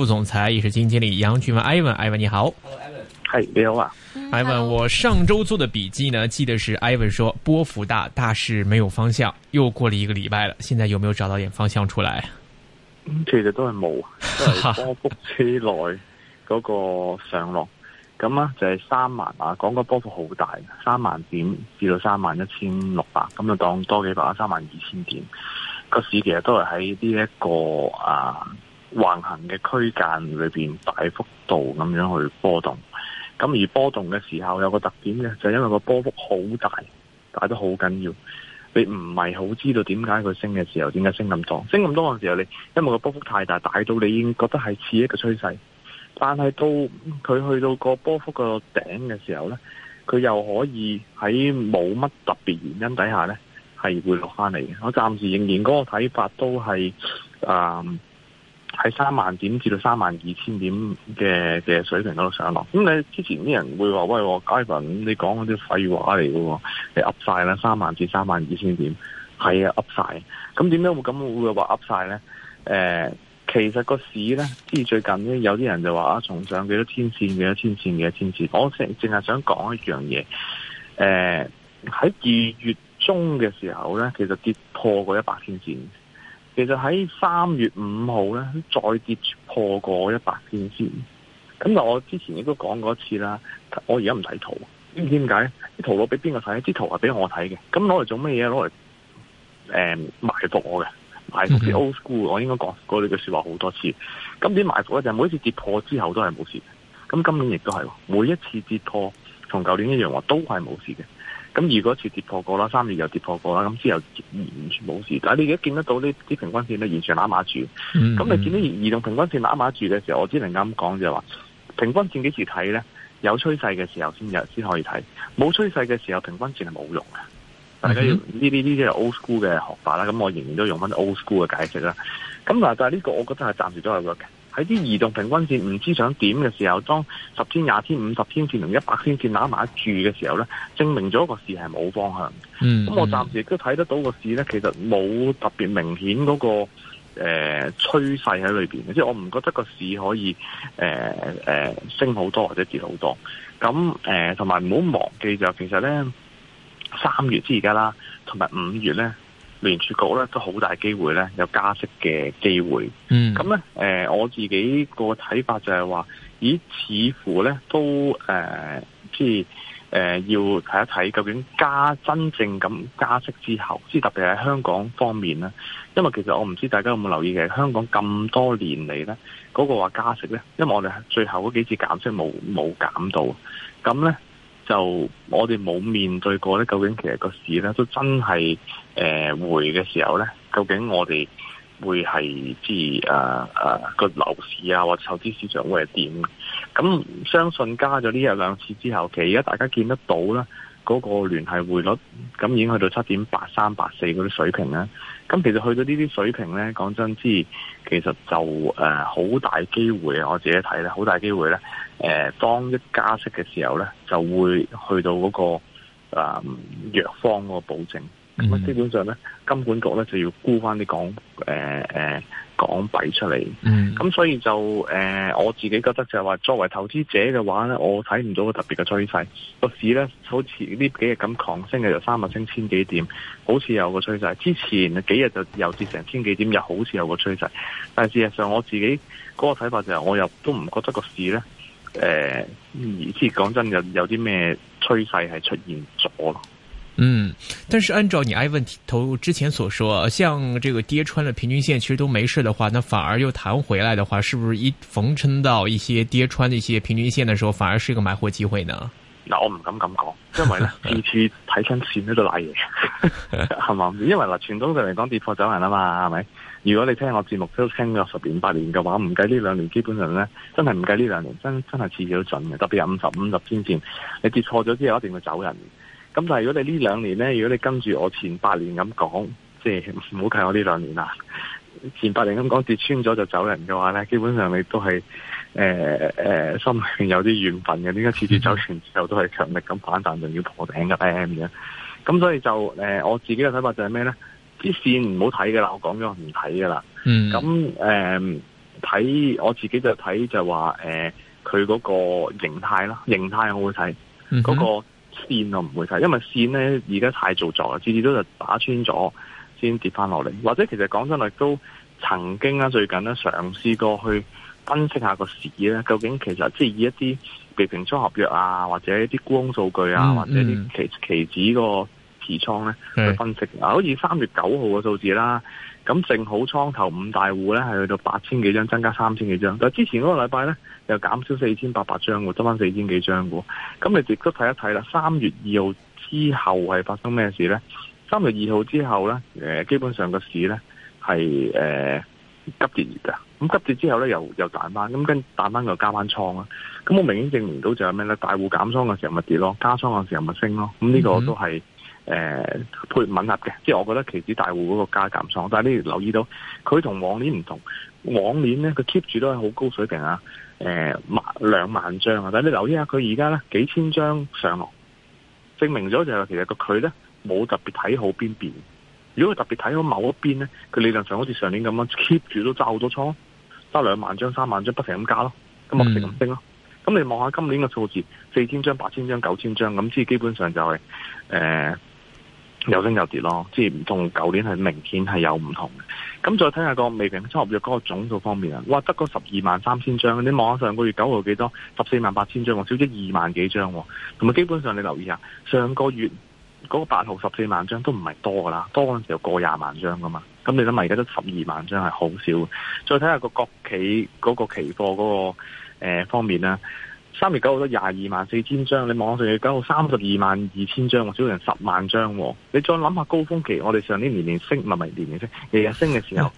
副總裁也是基金經理楊俊文 Ivan，Ivan 你好，係 Hello, Ivan. 你好啊，Ivan，我上周做的筆記呢，記得是 Ivan 說 波幅大，大市沒有方向，又過了一個禮拜了，現在有沒有找到點方向出來？咁其實都係冇，是波幅之內嗰個上落，咁啊 就係三萬啊，講個波幅好大，三萬點至到三萬一千六百，咁就當多幾百三萬二千點，個市其實都係喺呢一個啊，橫行嘅區間裏邊，大幅度咁樣去波動。咁而波動嘅時候有個特點嘅，就係因為個波幅好大，大得好緊要。你唔係好知道點解佢升嘅時候，點解升咁多？升咁多嘅時候你，你因為個波幅太大，大到你已經覺得係似一個趨勢。但係到佢去到個波幅個頂嘅時候呢，佢又可以喺冇乜特別原因底下呢係回落翻嚟嘅。我暫時仍然嗰個睇法都係，誒、呃。喺三萬點至到三萬二千點嘅嘅水平嗰度上落，咁你之前啲人會話喂，九月份你講嗰啲廢話嚟嘅喎，你噏曬啦，三萬至三萬二千點，係啊，噏曬。咁點解會咁會話噏曬呢？誒，其實個市呢，即係最近呢，有啲人就話啊，重上幾多天線，幾多天線，幾多天線。我淨係想講一樣嘢，誒、呃，喺二月中嘅時候呢，其實跌破過一百天線。其實喺三月五號咧，再跌破過一百天線，咁但我之前亦都講過一次啦，我而家唔睇圖，唔知點解？啲圖攞俾邊個睇？啲圖係俾我睇嘅，咁攞嚟做咩嘢？攞嚟誒埋伏我嘅，埋伏啲 old school，我應該講過你嘅說話好多次。咁啲埋伏咧就係每一次跌破之後都係冇事的，嘅。咁今年亦都係，每一次跌破同舊年一樣，都係冇事嘅。咁如果一次跌破過啦，三月又跌破過啦，咁之後完全冇事。但你而家見得到呢啲平均線咧，完全啱啱住，咁、嗯嗯、你見到移動平均線啱啱住嘅時候，我只能咁講就係話，平均線幾時睇咧？有趨勢嘅時候先有先可以睇，冇趨勢嘅時候平均線係冇用嘅。大家要呢啲呢啲係 old school 嘅學法啦，咁我仍然都用翻 old school 嘅解釋啦。咁嗱，但係呢個我覺得係暫時都係 work 嘅。喺啲移動平均線唔知想點嘅時候，當十天、廿天、五十天線同一百天線攬埋一住嘅時候咧，證明咗個市係冇方向嘅。咁、嗯嗯、我暫時亦都睇得到個市咧，其實冇特別明顯嗰、嗰個誒、呃、趨勢喺裏邊，即係我唔覺得個市可以誒誒、呃呃、升好多或者跌好多。咁誒同埋唔好忘記就其實咧，三月至而家啦，同埋五月咧。聯儲局咧都好大機會咧有加息嘅機會，咁咧、嗯呃、我自己個睇法就係、是、話，咦似乎咧都誒即係誒要睇一睇究竟加真正咁加息之後，即係特別喺香港方面咧，因為其實我唔知大家有冇留意嘅，香港咁多年嚟咧嗰個話加息咧，因為我哋最後嗰幾次減息冇冇減到，咁咧。就我哋冇面對過咧，究竟其實個市咧都真係誒、呃、回嘅時候咧，究竟我哋會係即係誒誒個樓市啊，或者投資市場會係點？咁相信加咗呢一兩次之後，其實而家大家見得到啦。嗰個聯繫匯率咁已經去到七點八三八四嗰啲水平啦，咁其實去到呢啲水平咧，講真之其實就誒好、呃、大機會啊！我自己睇咧，好大機會咧，誒、呃、當一加息嘅時候咧，就會去到嗰、那個誒、呃、弱方嗰個保證。咁、嗯、基本上咧，金管局咧就要沽翻啲港，誒、呃呃、港幣出嚟。咁、嗯、所以就誒、呃，我自己覺得就係話，作為投資者嘅話咧，我睇唔到個特別嘅趨勢。個市咧好似呢幾日咁狂升嘅，就三百升千幾點，好似有個趨勢。之前幾日就又跌成千幾點，又好似有個趨勢。但係事實上，我自己嗰個睇法就係，我又都唔覺得個市咧，誒、呃、而即係講真有有啲咩趨勢係出現咗。嗯，但是按照你 Ivan 之前所說，像這個跌穿了平均線，其實都沒事的話，那反而又彈回來的話，是不是一逢撐到一些跌穿的一些平均線的時候，反而是一個買貨機會呢？嗱，我唔敢咁講，因為呢， 次次睇親線喺度瀨嘢，係嘛？ 因為嗱，傳統上嚟講跌破走人啊嘛，係咪？如果你聽我節目都聽咗十年八年嘅話，唔計呢兩年，基本上咧真係唔計呢兩年，真真係次次都準嘅，特別係五十五十天線，你跌錯咗之後一定會走人。咁但係如果你呢兩年咧，如果你跟住我前八年咁講，即係唔好睇我呢兩年啦。前八年咁講跌穿咗就走人嘅話咧，基本上你都係誒誒心入邊有啲怨憤嘅。點解次次走完之後都係強力咁反彈，仲要破頂嘅咧？咁、嗯、咁、嗯、所以就誒、呃，我自己嘅睇法就係咩咧？啲綫唔好睇㗎啦，我講咗唔睇㗎啦。咁誒、嗯，睇、呃、我自己就睇就係話誒，佢、呃、嗰個形態啦，形態好好睇，嗯哼嗰個。線我唔會睇，因為線咧而家太做作啦，次次都就打穿咗先跌翻落嚟。或者其實講真話都曾經啊，最近咧嘗試過去分析下個市咧，究竟其實即係以一啲未平倉合約啊，或者一啲沽空數據啊，或者啲期期指個。持倉咧去分析，嗱，好似三月九號嘅數字啦，咁正好倉頭五大戶咧係去到八千幾張，增加三千幾張，但係之前嗰個禮拜咧又減少四千八百張嘅，得翻四千幾張嘅，咁你亦都睇一睇啦，三月二號之後係發生咩事咧？三月二號之後咧，誒，基本上個市咧係誒急跌熱嘅，咁急跌之後咧又又彈翻，咁跟彈翻又加翻倉啦，咁我明顯證明到就係咩咧？大戶減倉嘅時候咪跌咯，加倉嘅時候咪升咯，咁呢個都係。嗯誒、呃、配吻合嘅，即係我覺得期指大戶嗰個加減倉。但係你留意到，佢同往年唔同。往年咧，佢 keep 住都係好高水平啊，誒、呃、兩萬張啊。但係你留意一下佢而家咧，幾千張上落，證明咗就係、是、其實佢咧冇特別睇好邊邊。如果佢特別睇好某一邊咧，佢理論上好似上年咁樣 keep 住都揸好多倉，揸兩萬張、三萬張，不停咁加咯，咁唔停咁升咯。咁、嗯、你望下今年嘅數字，四千張、八千張、九千張，咁即係基本上就係、是呃有升有跌囉，即係唔同。舊年係明顯係有唔同嘅。咁再睇下個未平倉合約嗰個總數方面啊，哇，得個十二萬三千張。你望下上個月九號幾多，十四萬八千張喎，少咗二萬幾張。喎。咁基本上你留意下，上個月嗰個八號十四萬張都唔係多噶啦，多嘅時候有過廿萬張㗎嘛。咁你諗下而家得十二萬張係好少。再睇下個國企嗰個期貨嗰、嗰個、呃、方面呢。三月九號都廿二萬四千張，你網上月九號三十二萬二千張，少成十萬張。你再諗下高峰期，我哋上年年年升，唔係年年升，日日升嘅時候，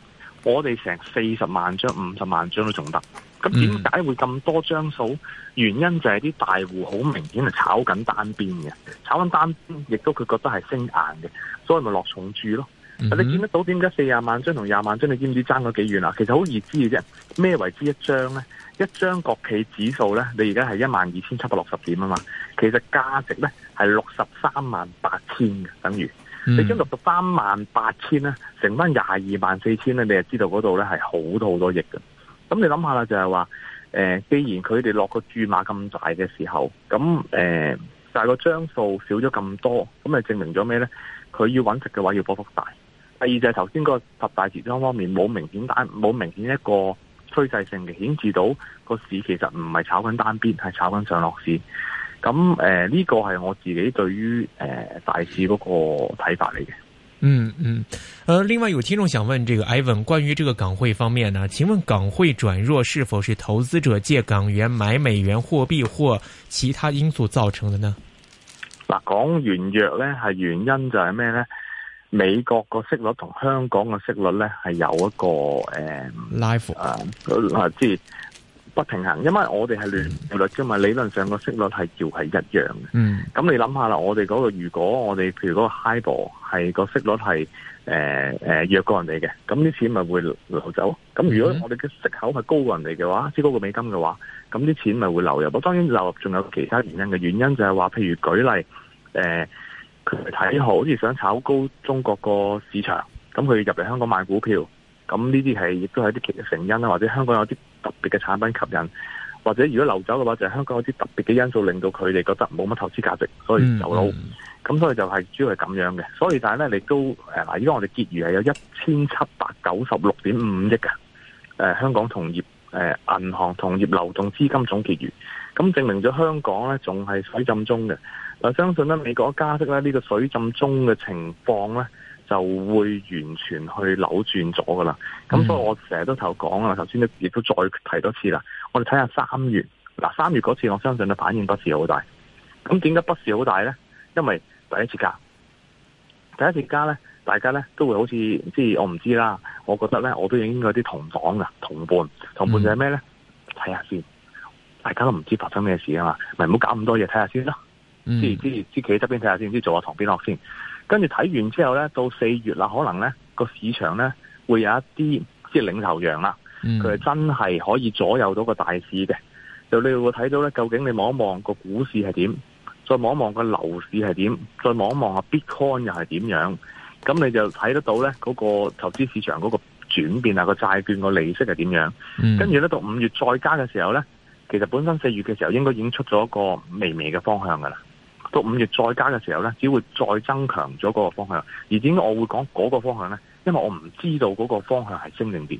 我哋成四十萬張、五十萬張都仲得。咁點解會咁多張數？原因就係啲大戶好明顯係炒緊單邊嘅，炒緊單邊，亦都佢覺得係升硬嘅，所以咪落重注咯。Mm hmm. 你見得到點解四十萬張同廿萬張，你知唔知爭咗幾遠啊？其實好易知嘅啫，咩為之一張咧？一張國企指數咧，你而家係一萬二千七百六十點啊嘛，其實價值咧係六十三萬八千嘅，等於、嗯、你將六十三萬八千咧乘翻廿二萬四千咧，你係知道嗰度咧係好多好多億嘅。咁你諗下啦，就係話誒，既然佢哋落個注碼咁大嘅時候，咁誒、呃、就係、是、個張數少咗咁多，咁咪證明咗咩咧？佢要搵食嘅話，要波幅大。第二就係頭先個十大設裝方面冇明顯單冇明顯一個趨勢性嘅顯示到個市其實唔係炒緊單邊，係炒緊上落市。咁誒呢個係我自己對於誒大市嗰個睇法嚟嘅。嗯嗯，誒另外有聽眾想問，這個 Ivan 關於這個港匯方面呢？請問港匯轉弱是否是投資者借港元買美元貨幣或其他因素造成的呢？嗱，港元弱咧，係原因就係咩咧？美國個息率同香港嘅息率咧，係有一個誒拉幅啊。嗱，即係不平衡。因為我哋係聯息率啫嘛，理論上個息率係要係一樣嘅。嗯，咁你諗下啦，我哋嗰個如果我哋譬如嗰個 HIBOR 係個息率係誒誒弱過人哋嘅，咁啲錢咪會流走。咁如果我哋嘅息口係高過人哋嘅話，即高過美金嘅話，咁啲錢咪會流入。咯當然流入仲有其他原因嘅，原因就係話，譬如舉例誒。佢睇好，好似想炒高中國個市場，咁佢入嚟香港買股票，咁呢啲係亦都係一啲成因啦，或者香港有啲特別嘅產品吸引，或者如果流走嘅話，就係、是、香港有啲特別嘅因素令到佢哋覺得冇乜投資價值，所以走佬，咁、嗯嗯、所以就係、是、主要係咁樣嘅。所以但係咧，你都誒嗱，依家我哋結餘係有一千七百九十六點五億嘅，誒、呃、香港同業誒銀、呃、行同業流動資金總結餘，咁證明咗香港咧仲係水浸中嘅。我相信咧，美國加息咧，呢個水浸中嘅情況咧，就會完全去扭轉咗噶啦。咁、嗯、所以我成日都頭講啊，頭先咧亦都再提多次啦。我哋睇下三月，嗱三月嗰次，我相信嘅反應不是好大。咁點解不是好大咧？因為第一次加，第一次加咧，大家咧都會好似即係我唔知啦。我覺得咧，我都已經有啲同黨噶，同伴，同伴就係咩咧？睇下先，大家都唔知發生咩事啊嘛。咪唔好搞咁多嘢，睇下先啦。即係，知知企喺側邊睇下先一邊，知做下旁邊落先。跟住睇完之後咧，到四月啦，可能咧個市場咧會有一啲即係領頭羊啦，佢係真係可以左右到個大市嘅。就你會睇到咧，究竟你望一望個股市係點，再望一望個樓市係點，再望一望個 Bitcoin 又係點樣，咁你就睇得到咧嗰個投資市場嗰個轉變啊，個債券個利息係點樣。跟住咧到五月再加嘅時候咧，其實本身四月嘅時候應該已經出咗一個微微嘅方向噶啦。到五月再加嘅時候咧，只會再增強咗嗰個方向。而點解我會講嗰個方向咧？因為我唔知道嗰個方向係升定跌。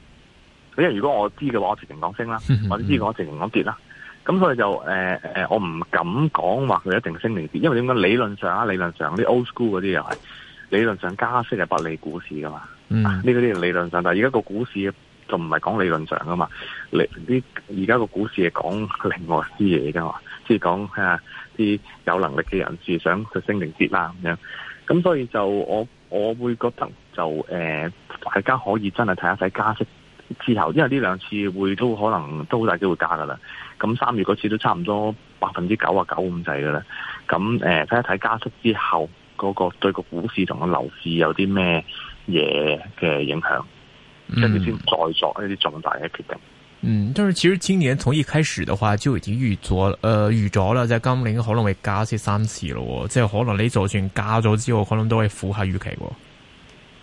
因為如果我知嘅話，我直情講升啦，或者知嘅我直情講跌啦。咁所以就誒誒、呃，我唔敢講話佢一定升定跌。因為點解？理論上啊，理論上啲 old school 嗰啲又係理論上加息係不利股市噶嘛。呢嗰啲理論上，但係而家個股市就唔係講理論上噶嘛。你啲而家個股市係講另外啲嘢噶嘛？即係講啲有能力嘅人士想去升定跌啦咁樣，咁所以就我我會覺得就誒、呃，大家可以真係睇一睇加息之後，因為呢兩次會都可能都好大機會加噶啦，咁三月嗰次都差唔多百分之九啊九咁滯噶啦，咁誒睇一睇加息之後嗰、那個對個股市同個樓市有啲咩嘢嘅影響，跟住先再作一啲重大嘅決定。嗯，但是其實今年從一開始的話就已經預咗，誒、呃、預咗啦，在今年可能會加息三次咯，即係可能你就算加咗之後，可能都係符合預期嘅。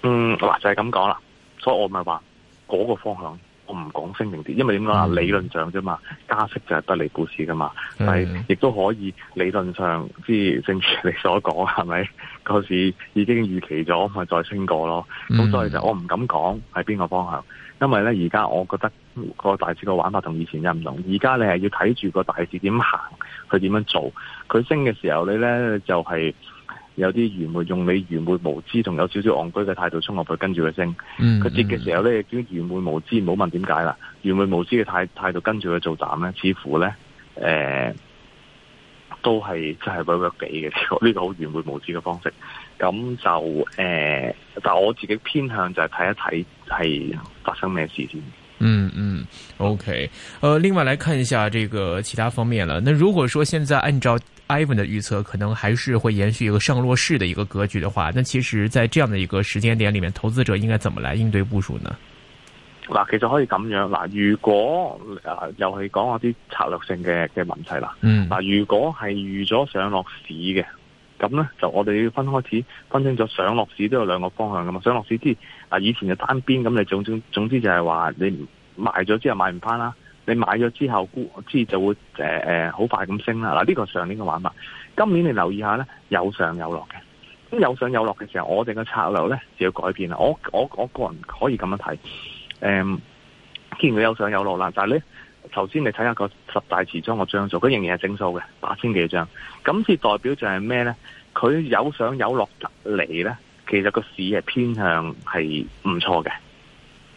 嗯，嗱就係咁講啦，所以我咪話嗰個方向。我唔講聲明啲，因為點講啊？理論上啫嘛，加息就係不利股市噶嘛，但係亦都可以理論上，即係正如你所講，係咪個市已經預期咗，咪再升過咯？咁所以就我唔敢講喺邊個方向，因為咧而家我覺得個大市個玩法同以前又唔同，而家你係要睇住個大市點行，佢點樣做，佢升嘅時候你咧就係、是。有啲愚昧，用你愚昧無知同有少少戇居嘅態度衝入去跟住佢升，佢跌嘅時候咧，叫愚昧無知，唔好問點解啦。愚昧無知嘅態度跟住佢做膽咧，似乎咧，誒、呃，都係真係屈屈地嘅，呢個呢個好愚昧無知嘅方式。咁就誒、呃，但我自己偏向就係睇一睇係發生咩事先。嗯嗯，OK，呃，另外來看一下這個其他方面了。那如果說現在按照 Ivan 的預測，可能還是會延續一個上落市的一個格局的話，那其實，在這樣的一個時間點裏面，投資者應該怎麼來應對部署呢？嗱，其實可以咁樣，嗱，如果啊，又係講下啲策略性嘅嘅問題啦。嗯，嗱，如果係預咗上落市嘅。咁咧就我哋要分開，始分清咗上落市都有兩個方向噶嘛。上落市之啊，以前就單邊，咁你總總總之就係話你賣咗之後買唔翻啦，你買咗之後估之就會誒誒好快咁升啦。嗱呢個上年嘅玩法，今年你留意下咧，有上有落嘅，咁有上有落嘅時候，我哋嘅策略咧就要改變啦。我我我個人可以咁樣睇，誒、嗯，既然佢有上有落啦，但係咧。頭先你睇下個十大持倉，個張數，佢仍然係整數嘅八千幾張，咁是代表就係咩咧？佢有上有落嚟咧，其實個市係偏向係唔錯嘅，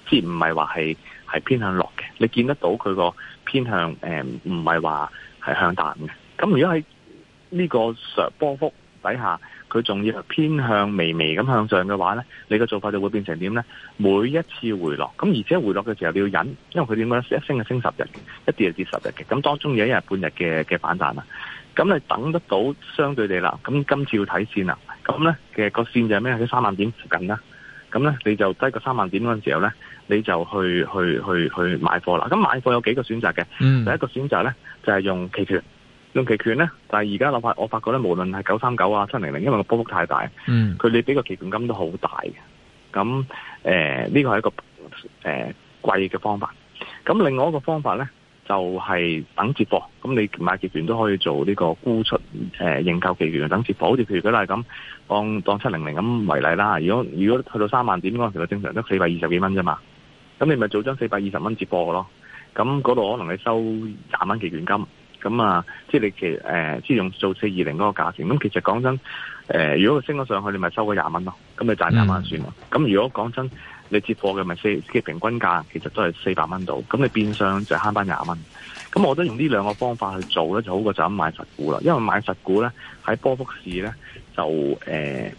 即係唔係話係係偏向落嘅。你見得到佢個偏向誒，唔係話係向彈嘅。咁如果喺呢個上波幅底下。佢仲要偏向微微咁向上嘅話咧，你嘅做法就會變成點咧？每一次回落，咁而且回落嘅時候你要忍，因為佢點樣咧？一升就升十日嘅，一跌就跌十日嘅。咁當中有一日半日嘅嘅反彈啦。咁你等得到相對地啦。咁今次要睇線啦。咁咧其實個線就係咩？喺三萬點附近啦。咁咧你就低過三萬點嗰陣時候咧，你就去去去去買貨啦。咁買貨有幾個選擇嘅？嗯、第一個選擇咧就係、是、用期權。用期權咧，但係而家諗法，我發覺咧，無論係九三九啊、七零零，因為個波幅太大，嗯，佢哋俾個期權金都好大嘅。咁誒，呢個係一個誒貴嘅方法。咁另外一個方法咧，就係、是、等接貨。咁你買期權都可以做呢個沽出誒、呃、認購期權等接貨。好似譬如佢都係咁，當當七零零咁為例啦。如果如果去到三萬點嗰時，其實正常都四百二十幾蚊啫嘛。咁你咪做張四百二十蚊接貨咯。咁嗰度可能你收廿蚊期權金。咁啊，即係你其誒，即係用做四二零嗰個價錢。咁其實講真，誒，如果佢升咗上去，你咪收個廿蚊咯，咁你賺廿蚊算咯。咁如果講真，你接貨嘅咪四，即係平均價，其實都係四百蚊度。咁你變相就慳翻廿蚊。咁我覺得用呢兩個方法去做咧，就好過就咁買實股啦。因為買實股咧，喺波幅市咧就誒。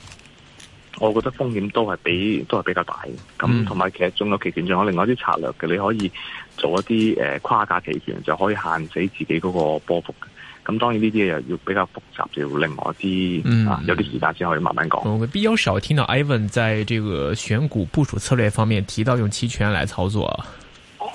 我覺得風險都係比都係比較大嘅，咁同埋其實仲有期權，仲有另外一啲策略嘅，你可以做一啲誒、呃、跨價期權，就可以限制自己嗰個波幅嘅。咁當然呢啲嘢又要比較複雜，就要另外一啲、嗯、啊，有啲時間先可以慢慢講。我、嗯嗯、比較少聽到 Ivan 在這個選股部署策略方面提到用期權來操作。誒、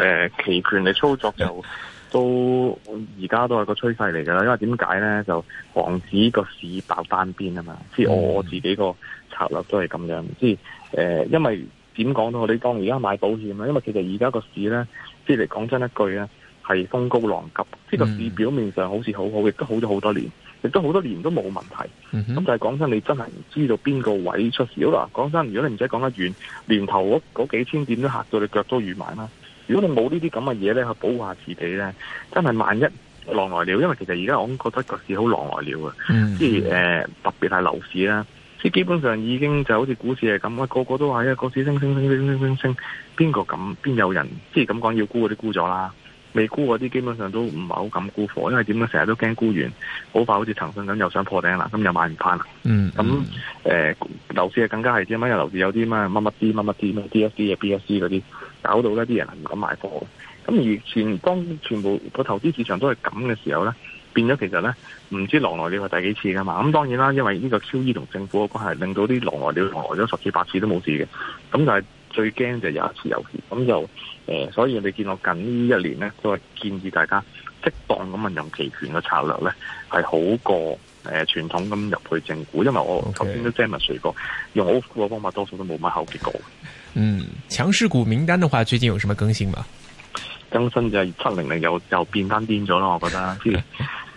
呃，期權嚟操作就。嗯都而家都係個趨勢嚟噶啦，因為點解咧？就防止個市爆單邊啊嘛，即係、mm hmm. 我自己個策略都係咁樣。即係誒，因為點講都好，你當而家買保險啊，因為其實而家個市咧，即係講真一句咧，係風高浪急。即個、mm hmm. 市表面上好似好好，亦都好咗好多年，亦都好多年都冇問題。咁就係講真，hmm. 你真係唔知道邊個位出事。啦，講真，如果你唔使講得遠，年頭嗰幾千點都嚇到你腳都軟埋啦。如果你冇呢啲咁嘅嘢咧，去保護下自己咧，真係萬一狼來了。因為其實而家我覺得個市好狼來了啊！嗯、即係誒、呃、特別係樓市啦，即係基本上已經就好似股市係咁啊，個個都話，哎呀，個市升升升升升升升升，邊個敢？邊有人？即係咁講要沽嗰啲沽咗啦，未沽嗰啲基本上都唔係好敢沽貨，因為點解成日都驚沽完，好快好似騰訊咁又想破頂啦，咁又買唔翻啦。嗯，咁誒、嗯嗯呃、樓市啊，更加係啲咩？因為樓市有啲咩乜乜啲乜乜啲咩 DSD 嘅 BSC 嗰啲。什麼什麼 D, 搞到咧啲人係唔敢買貨，咁而全當全部個投資市場都係咁嘅時候咧，變咗其實咧唔知狼來了第幾次噶嘛。咁當然啦，因為呢個 QE 同政府嘅關係令到啲狼來了狼來咗十次八次都冇事嘅，咁就係最驚就有一次有事，咁就誒，所以你見我近呢一年咧，都係建議大家。適當咁運用期權嘅策略咧，係好過誒傳統咁入去正股，因為我頭先都 Jam 咪説過，用 O 嘅方法多數都冇乜好結果。嗯，強勢股名單嘅話，最近有什麼更新嗎？更新就係七零零又又變單邊咗啦，我覺得。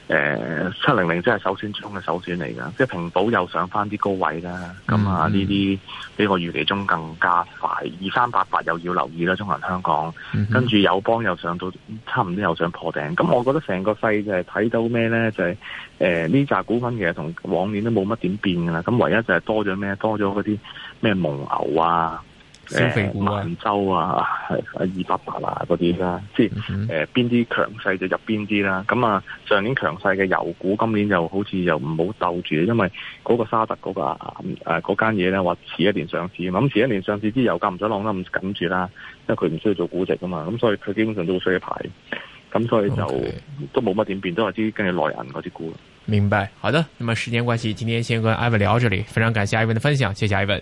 誒、呃，七零零即係首選中嘅首選嚟噶，即係平保又上翻啲高位啦。咁啊呢啲比我預期中更加快，二三八八又要留意啦。中銀香港，跟住友邦又上到差唔多又上破頂。咁我覺得成個世就係睇到咩咧？就係誒呢扎股份其實同往年都冇乜點變噶啦。咁唯一就係多咗咩？多咗嗰啲咩蒙牛啊。誒，萬、呃啊、洲啊，係啊，二百八啊，嗰啲啦，即係誒，邊啲強勢就入邊啲啦。咁啊，上年強勢嘅油股，今年又好似又唔好斗住，因為嗰個沙特嗰、那個誒間嘢咧，話、啊啊、遲一年上市，嘛、嗯。咁遲一年上市啲油價唔使浪得咁緊住啦，因為佢唔需要做估值噶嘛，咁所以佢基本上都衰一排，咁所以就都冇乜點變，都係啲跟住內銀嗰啲股。明白，好的，咁啊，時間關係，今天先跟 Ivan 聊到這裡，非常感謝 Ivan 的分享，謝謝 Ivan。